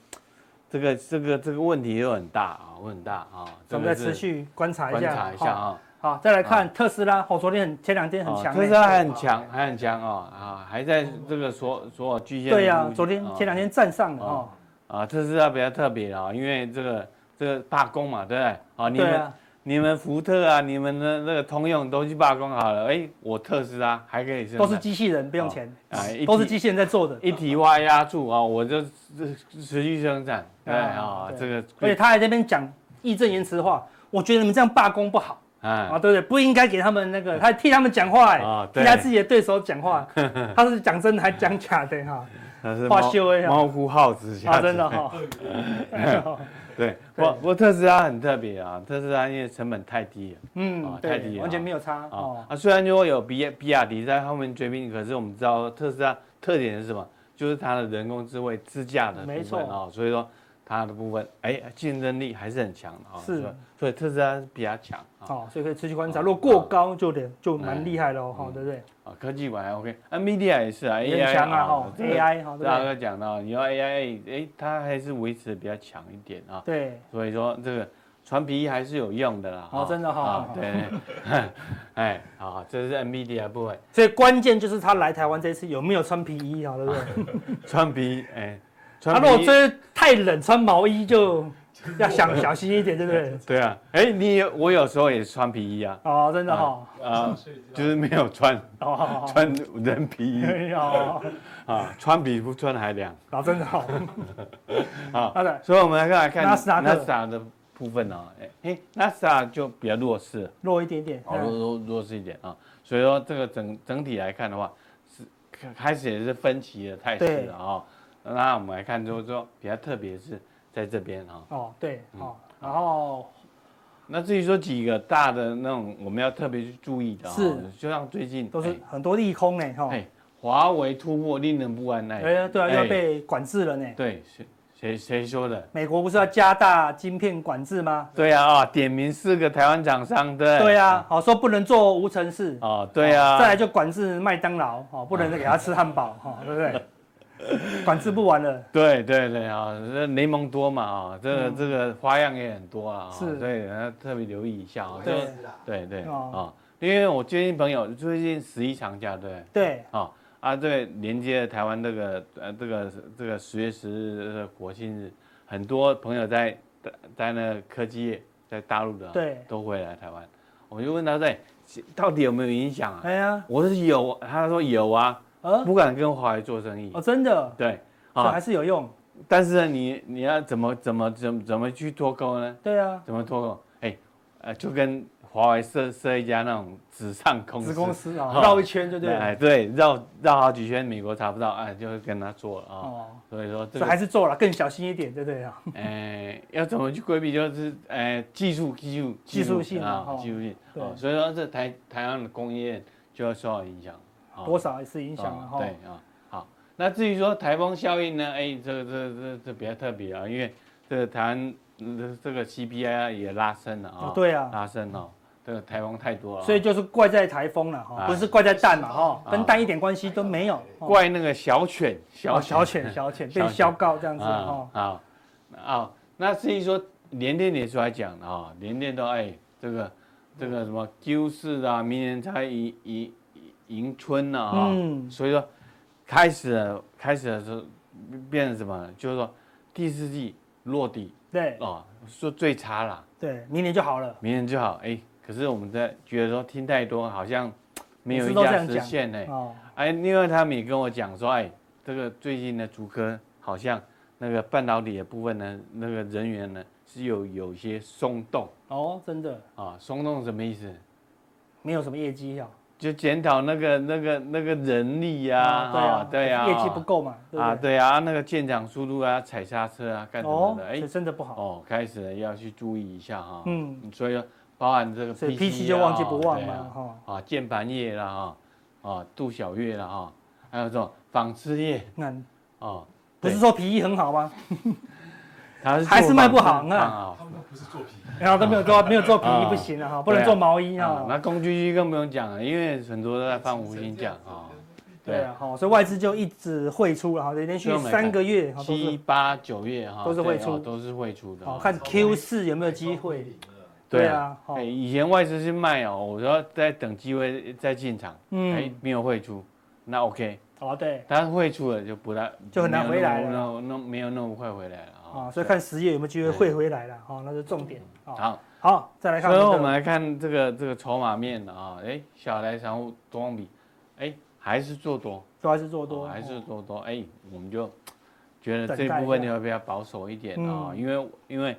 這個，這個這個這個問題又很大啊，很大啊，真、哦這個、再持續觀察一下，觀察一下啊。好，再來看、啊、特斯拉。我、哦、昨天很前兩天很強。特斯拉還很強，還很強哦，啊，還在這個所所有均線。對呀，昨天前兩天站上了哦，哦，哦，啊，特斯拉比較特別啊、哦，因為這個這個罷工嘛，對不對？啊、哦，你們。你們福特啊，你們的那個通用都去罷工好了，哎、欸，我特斯拉還可以，是都是機器人，不用錢、哦、啊，都是機器人在做的，一提挖壓住啊，我就持續生產。啊對啊、哦，這個。而且他還在那邊講義正言辭的話，我覺得你們這樣罷工不好、嗯、啊，對不對？不應該給他們那個，他替他們講話、欸，哎、哦，替他自己的對手講話呵呵，他是講真的還講假的哈，花休啊，貓哭耗子，啊，真的哈、哦。 [laughs] [laughs] 對，不不過特斯拉很特別啊，特斯拉因為成本太低了，嗯，哦、太低了，完全沒有差、哦哦、啊。雖然就會有比比亞迪在後面追兵，可是我們知道特斯拉特點是什麼？就是它的人工智慧自駕的部分啊、哦，所以說。它的部分，哎、欸，競爭力還是很強的哈。是、哦，所以特斯拉比較強啊，所以可以持續觀察。哦、如果過高，就得，哦、就蠻厲害了哈、嗯哦。對不對。啊，科技股還 OK，Nvidia、OK, 也是啊，AI, 很強啊哈、哦、，AI 剛剛講到，你要 AI，哎、欸，它還是維持的比較強一點啊、哦。對。所以說這個穿皮衣還是有用的啦。哦，哦真的哈、哦哦。對，對，對。對對對 [laughs] 哎，好、哦，這是 Nvidia 部位。所以關鍵就是他來台灣這一次有沒有穿皮衣，哈，對不對，對？穿皮衣。哎、欸。他、啊、如果穿太冷，穿毛衣就要想小心一點，對不對？對啊，哎、欸，你有，我有時候也是穿皮衣啊。哦，真的哈、哦。啊、呃，就是沒有穿。哦，穿人皮衣。沒、哦、有。啊、哦，穿比不穿還涼。啊、哦，真的好。啊 [laughs] ，好的。所以我們來看一看 n a s a 的部分呢、喔。哎、欸、，n a s a 就比較弱勢。弱一點點。弱弱弱勢一點啊、喔。所以說這個整整體來看的話，是開始也是分歧的態勢啊。對。那我們來看，就是說比較特別是在這邊哈。哦，對，哦，然後那至於說幾個大的那種，我們要特別去注意的、哦，是就像最近都是、欸、很多利空呢、欸，哈、哦。華、欸、為突破令人不安耐，對啊對啊，要、欸、被管制了呢、欸。對，誰誰誰說的？美國不是要加大晶片管制嗎？對啊，啊、哦，點名四個台灣廠商的。對啊好說、嗯哦、不能做無塵室。啊、哦，對啊、哦、再來就管制麥當勞，哈，不能再給他吃漢堡，哈、 [laughs] 哦，對不對？ [laughs] [laughs] 管吃不完了，對對對啊，這雷蒙多嘛啊、哦，這個、嗯、這個花樣也很多啊、哦，是，對，然後特別留意一下啊，對，對對啊、哦哦，因為我最近朋友最近十一長假對，對，哦、啊啊對，連接台灣這個呃這個這個十月十日的、這個、國慶日，很多朋友在在，在那科技業在大陸的，對，都會來台灣，我就問他在到底有沒有影響啊？哎呀，我是有，他說有啊。嗯、不敢跟華為做生意哦，真的，對，哦、還是有用。但是呢，你你要怎麼怎麼怎麼怎麼去脫鈎呢？對啊，怎麼脫鈎？哎、欸呃，就跟華為設設一家那種紙上公司，子公司啊，繞、哦、一圈，對不對？哎，對，繞繞好幾圈，美國查不到，哎、欸，就會跟他做了啊、哦哦。所以說這個、以還是做了，更小心一點，對不對啊？哎、 [laughs] 欸，要怎麼去規避？就是哎、欸，技術技術技術性啊，哦哦、技術性。對、哦，所以說這台台灣的工業就要受到影響。多少還是影響了哈、哦。對啊、哦，好，那至於說颱風效應呢？哎、欸，這個這個、這個、這，這比較特別啊，因為這個台灣，這這個 CPI 也拉升了啊、哦哦。對啊，拉升哦，這個颱風太多了、哦。所以就是怪在颱風了、哦，不是怪在蛋嘛哈、嗯哦，跟蛋一點關係都沒有、哦。怪那個小犬，小犬，小犬，小犬，小犬被削高這樣子哈、哦哦。好，哦、那至於說聯電也出來講了哈，聯、哦、電都哎、欸、這個這個什麼 Q 四啊，明年才一一。迎春了啊、哦嗯，所以說開始了開始的時候變成什麼？就是說第四季落底對哦，說最差了，對，明年就好了，明年就好。哎、欸，可是我們在覺得說聽太多好像沒有一家實現呢。哦、欸，哎，另外他們也跟我講說，哎、欸，這個最近的竹科好像那個半導體的部分呢，那個人員呢是有有些鬆動哦，真的啊，鬆、哦、動什麼意思？沒有什麼業績呀、啊。就檢討那個那個那個人力呀、啊啊，對呀、啊，哦對啊、業績不夠嘛，對對啊對啊，那個建廠速度啊，踩剎車啊，幹什麼的？哎、哦，真的不好。哦，開始了，要去注意一下哈、哦。嗯，所以說包含這個 PC、啊、PC 就忘記不忘嘛，哈、哦、啊、哦哦，鍵盤業啦、啊、哈，啊、哦，杜小月啦、啊、哈，還有這種紡織業，那哦，不是說皮衣很好嗎？ [laughs] 他是還是賣不好啊、嗯嗯哦！他們都不是做皮，然、嗯、後、嗯、都沒有做，沒有做皮衣不行了哈、嗯，不能做毛衣啊,、嗯嗯嗯、啊。那工具機更不用講了，因為很多都在放無薪假、哦、啊,啊,啊。對啊，好，所以外資就一直匯出了哈，連續三個月，個哦、七八九月哈，都是匯出，都是匯出,、哦、出的。看 Q 四有沒有機會？對啊，欸、以前外資是賣哦、喔，我說在等機會再進場。嗯，欸、沒有匯出，那 OK、啊。哦，對，它匯出了就不太，就很難回來了那，那那沒有那麼快回來了。啊、哦，所以看實業有沒有機會會回來了啊、哦，那是重點、哦、好，好、哦，再來看。所以，我們來看這個這個籌碼面的啊。哎、哦欸，小台倉多空比，哎、欸，還是做多，都還是做多，哦、還是做多，多。哎、欸，我們就覺得這部分你要比較保守一點啊、哦，因為因為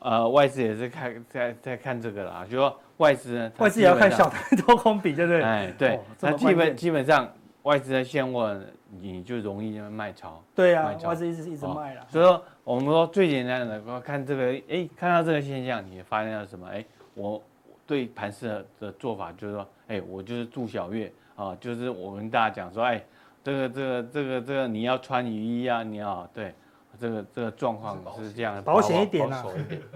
呃外資也是看在在看這個了就是、說外資，外資也要看小台多空比，對不對？哎、欸，對。那、哦、基本基本上外資的現貨，你就容易賣超。對啊，外資一直一直賣了、哦，所以說。我們說最簡單的，看這個，哎、欸，看到這個現象，你發現了什麼？哎、欸，我對盤勢的做法就是說，哎、欸，我就是住小月啊，就是我跟大家講說，哎、欸，這個這個這個這個，你要穿雨衣啊，你要對，這個這個狀況是這樣保險一,一點啊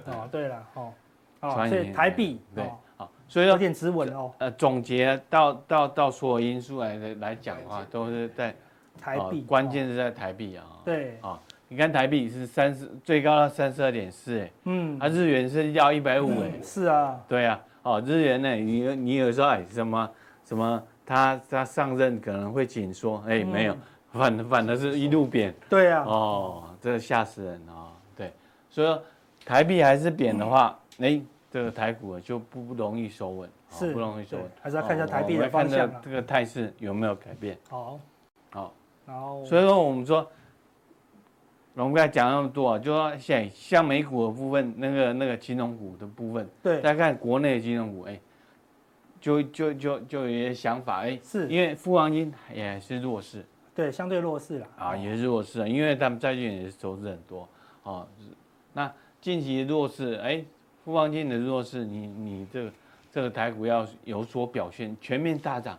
哦，對了，哦，啊，所以台幣，對，啊，所以有點質問哦，呃，總結到到到,到所有因素來來來講啊，都是在台幣、哦，關鍵是在台幣啊、哦，對，啊、哦。你看台幣是三十，最高到三十二點四，哎，嗯，它日元是要一百五，哎，是啊，對啊，哦，日元呢，你你有時候哎、欸，什麼什麼他，它它上任可能會緊縮，哎、欸，沒有，反反而是一路貶、嗯哦，對啊，哦，這個嚇死人了，啊，對，所以說台幣還是貶的話，哎、嗯欸，這個台股就不容易收穩、哦、不容易收穩，是不容易收穩，還是要看一下台幣的方向、啊，看這個態勢有沒有改變？好，好，然後所以說我們說。我祿哥剛才講那麼多、啊，就說像像美股的部分，那個那個金融股的部分，對，再看國內的金融股，哎、欸，就就就就有些想法，哎、欸，是因為富邦金也是弱勢，對，相對弱勢了，啊，也是弱勢啊，因為他們債券也是收資很多，哦、啊，那近期的弱勢，哎、欸，富邦金的弱勢，你你這個、這個台股要有所表現，全面大漲，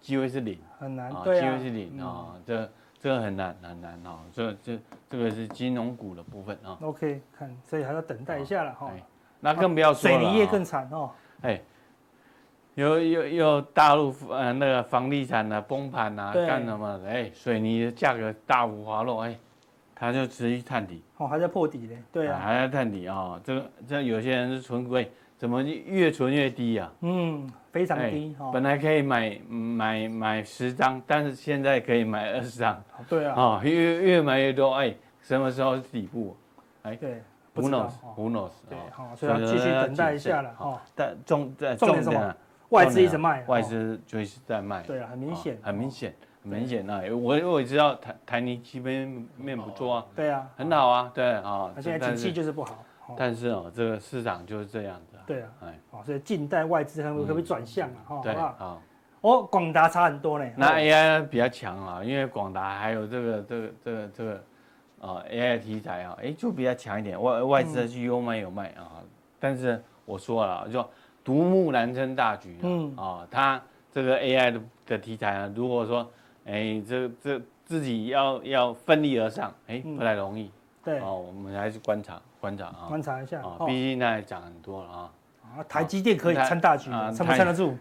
機會是零，很難，啊、對機、啊、會是零啊、嗯，這。這個很難很難哈、哦，這這這個是金融股的部分啊、哦。OK，看，所以還要等待一下了哈、哦哦哎。那更不要說、啊、水泥業更慘哦。哎，有有有大陸呃那個房地產的、啊、崩盤啊，幹什麼？哎，水泥的價格大幅滑落，哎，它就持續探底。哦，還在破底嘞。對啊，啊。還在探底啊、哦！這個這有些人是存股，怎麼越存越低呀、啊？嗯。非常低哈、欸，本來可以買買買十張，但是現在可以買二十張。對啊，哦、越越買越多，哎、欸，什麼時候是底部？哎、欸，對 who knows, 不能不能對，好、哦，所以要繼續等待一下了哈、哦。但重在重點什麼？啊、外資一直賣，啊、外資就一直在賣。對啊，很明顯、哦，很明顯，很明顯啊！我我也知道台台泥基本面不錯啊，對啊，很好啊，對啊。現在景氣就是不好，但是、哦。但是哦，這個市場就是這樣。對啊，哎，哦，所以近代外資它可不可以轉向啊？嗯、好好對好啊，哦，廣、哦、達差很多呢，那 AI 比較強啊，因為廣達還有這個這個這個這個啊、哦、AI 題材啊、哦，哎、欸，就比較強一點，外外資是有買有賣啊、嗯哦，但是我說了，就說獨木難撐大局，嗯，啊、哦，他這個 AI 的的題材啊，如果說哎這這自己要要奮力而上，哎、欸，不太容易、嗯，對，哦，我們還是觀察。觀察啊，觀察一下。哦，畢竟那也漲很多了啊、哦。啊，台積電可以撐大局，撐、啊、不撐得住？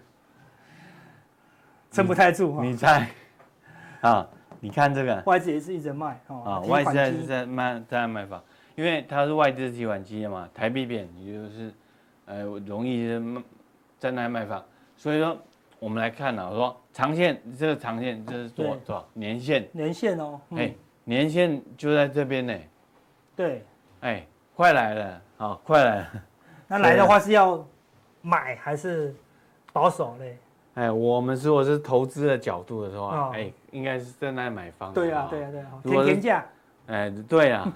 撐、啊、不太住。你猜、啊？啊，你看這個。外資也是一直賣啊。啊外資是在賣，在賣房，因為它是外資提款機的嘛，台幣貶，也就是，呃，容易在那裡賣房。所以說，我們來看啊，我說長線，這個長線這是多少多少年線？年線哦。哎、嗯，年、欸、線就在這邊呢、欸。對。哎、欸。快來了，好，快來了。那來的話是要買還是保守嘞？哎、欸，我們如果是投資的角度的話，哎、哦欸，應該是正在那裡買房子，對啊，對啊，對啊。天天價。哎、欸，對 [laughs] 啊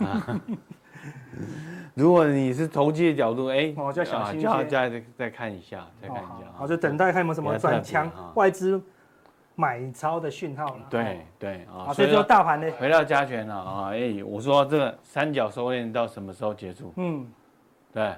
如果你是投機的角度，哎、欸、哦，就小心點，再、啊、再看一下，再看一下。哦、好、啊，就等待看有沒有什麼轉倉外資。買超的訊號了，對對啊、哦，所以就大盤的回到加權了啊。哎、欸，我說這個三角收斂到什麼時候結束？嗯，對，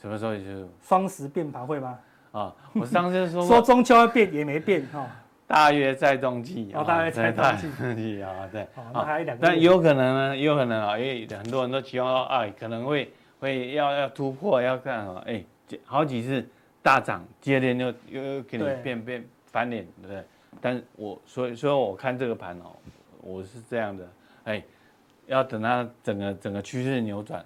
什麼時候結束？雙十變盤會嗎？啊、哦，我上次說 [laughs] 說中秋要變也沒變哈、哦，大約在冬季啊，大約在冬季啊，對。哦，那還有兩個？但有可能呢，有可能啊，因、欸、為很多人都期望到，哎、哦欸，可能會會要要突破，要幹樣哎，好幾次大漲，接連又又給你變變翻臉，對？但我所以說我看這個盤哦，我是這樣的、欸，要等它整個整個趨勢扭轉啊，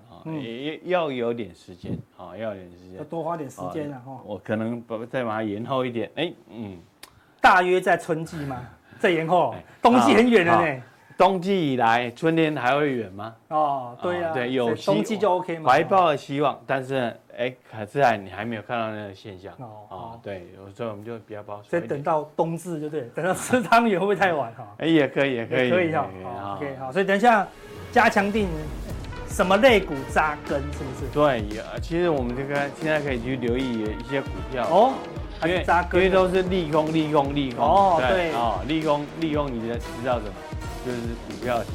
要要有點時間啊，要有點時間，要多花點時間啊、喔。我可能再把它延後一點，哎，嗯，大約在春季嘛。再延後，冬季很遠了呢、欸喔。冬季以來，春天還會遠嗎？哦，對啊對，有冬季就 OK 嘛。懷抱了希望，但是。哎、欸，可是啊，你還沒有看到那個現象、oh, 哦。對，對，所以我們就比較保守，所以等到冬至，就對？等到吃湯圓會不會太晚哈？哎、哦，也可以，也可以，可以哈、okay。OK，好，所以等一下加強錠什麼類股扎根，是不是？對，其實我們這個現在可以去留意一些股票哦，還扎根，都是利空，利空，利空。哦，對啊，利空，利空，你的知道什麼？就是股票是，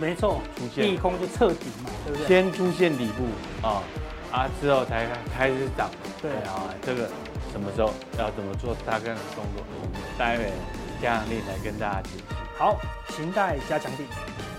沒錯，出現利空就徹底嘛，對不對？先出現底部啊。哦啊，之後才開始長。對啊，啊這個什麼時候要、啊、怎麼做，大概的動作，待會加強錠才跟大家講。好，形態加強錠。